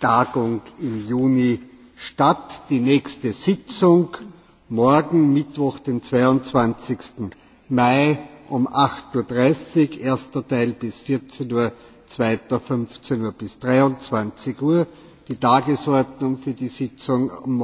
tagung im juni statt. die nächste sitzung morgen mittwoch den. zweiundzwanzig mai um. acht dreißig uhr erster teil bis. vierzehn uhr zweiter fünfzehn uhr bis. dreiundzwanzig uhr die tagesordnung für die sitzung